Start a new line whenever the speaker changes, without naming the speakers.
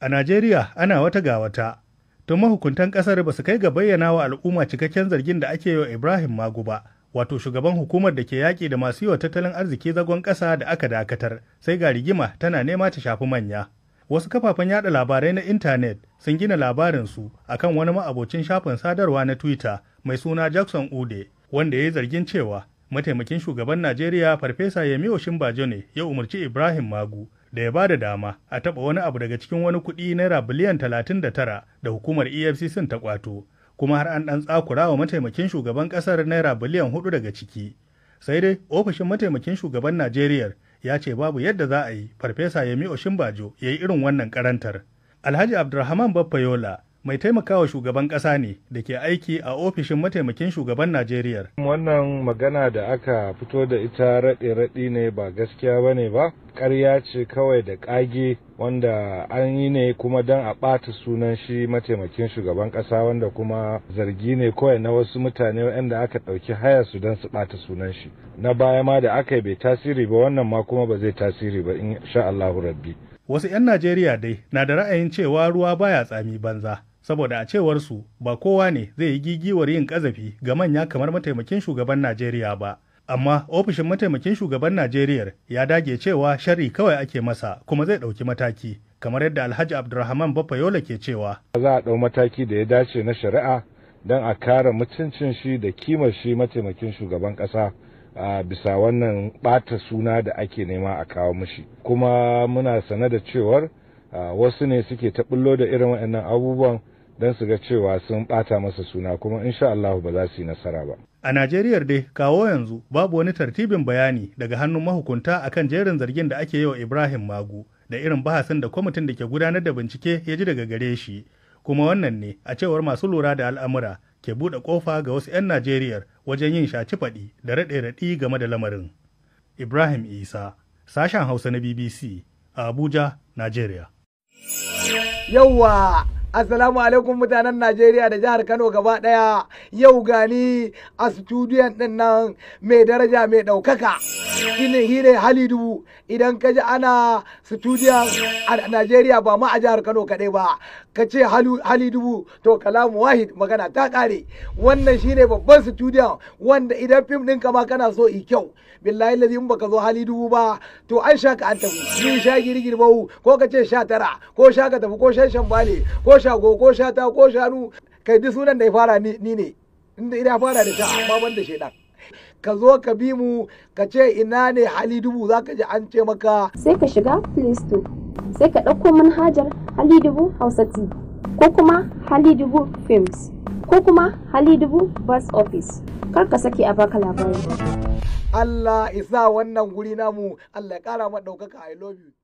A Najeriya ana wata ga wata, tun mahukuntan ƙasar ba su kai ga bayyana wa al'umma cikakken zargin da ake yi wa Ibrahim Magu ba, wato shugaban hukumar da ke yaƙi da masu yi wa tattalin arziki zagon ƙasa da aka dakatar, sai ga rigima tana nema ta shafi manya. Wasu kafafen yaɗa labarai na intanet sun gina labarinsu kan wani ma'abocin shafin sadarwa na Twitter mai suna Jackson Ude, wanda ya yi zargin cewa mataimakin shugaban Najeriya Farfesa Yemi Oshinbajo ne ya umarci Ibrahim Magu da ya ba da dama a taɓa wani abu daga cikin wani kuɗi naira biliyan 39 da hukumar efcc ta kwato kuma har an ɗan tsakura wa mataimakin shugaban ƙasar naira biliyan 4 daga ciki sai dai ofishin mataimakin shugaban najeriya ya ce babu yadda za a yi farfesa yemi oshimbajo ya yi irin wannan karantar alhaji abdulrahman baffayola mai taimakawa shugaban ƙasa ne da ke aiki a ofishin mataimakin shugaban Najeriya.
Wannan magana da aka fito da ita raɗe-raɗi ne ba gaskiya ba ne ba, ƙarya ce kawai da ƙage wanda an yi ne kuma don a ɓata sunan shi mataimakin shugaban ƙasa wanda kuma zargi ne kawai na wasu mutane waɗanda aka ɗauki haya su don su ɓata sunan shi. Na baya ma da aka yi bai tasiri ba wannan ma kuma ba zai tasiri ba in sha Allahu rabbi. Wasu 'yan Najeriya dai na da
ra'ayin cewa ruwa baya tsami banza. saboda a cewar su ba kowa ne zai yi gigiwar yin kazafi ga manya kamar mataimakin shugaban Najeriya ba. Amma ofishin mataimakin shugaban Najeriya ya dage cewa shari kawai ake masa kuma zai ɗauki mataki. Kamar yadda Alhaji Abdulrahman Bafayola ke cewa.
Za a ɗau mataki da ya dace na shari'a don a kare mutuncin shi da kimar shi mataimakin shugaban ƙasa. a bisa wannan ɓata suna da ake nema a kawo mushi kuma muna sane da cewar wasu ne suke ta da irin waɗannan abubuwan don su ga cewa sun ɓata masa suna kuma insha Allah ba za su yi nasara ba.
A Najeriya dai kawo yanzu babu wani tartibin bayani daga hannun mahukunta akan jerin zargin da ake yi wa Ibrahim Magu da irin bahasin da kwamitin da ke gudanar da bincike ya ji daga gare shi. Kuma wannan ne a cewar masu lura da al'amura ke buɗe ƙofa ga wasu 'yan Najeriya wajen yin shaci faɗi da raɗe-raɗi game da lamarin. Ibrahim Isa, sashen Hausa na BBC, a Abuja, Najeriya.
Yawwa! Assalamu alaikum mutanen Najeriya da jihar Kano gaba ɗaya yau gani a studiyon ɗin nan mai daraja mai ɗaukaka. Shine hire Halidu idan ka ji ana studiyon a Najeriya ba ma a jihar Kano kaɗai ba. Ka ce Halidu to kalamu wahid magana ta ƙare. Wannan shine babban studiyon wanda idan fim ɗin ka ma kana so i kyau. Billahi lazi baka zo Halidu ba to an sha ka an tafi. Yin sha girgirbau ko ka ce sha tara ko sha ka tafi ko shan shambale ko ko shago ko shata ko shanu kai duk sunan da ya fara ni ne inda ina fara da sha amma ban da shaidan ka zo ka bi mu ka ce ina ne hali dubu za ka ji an ce maka sai ka shiga play store sai ka ɗauko manhajar hali dubu hausa t ko kuma hali dubu films ko kuma hali dubu bus office kar ka sake a baka labari Allah isa wannan guri namu Allah ya kara ma daukaka I love you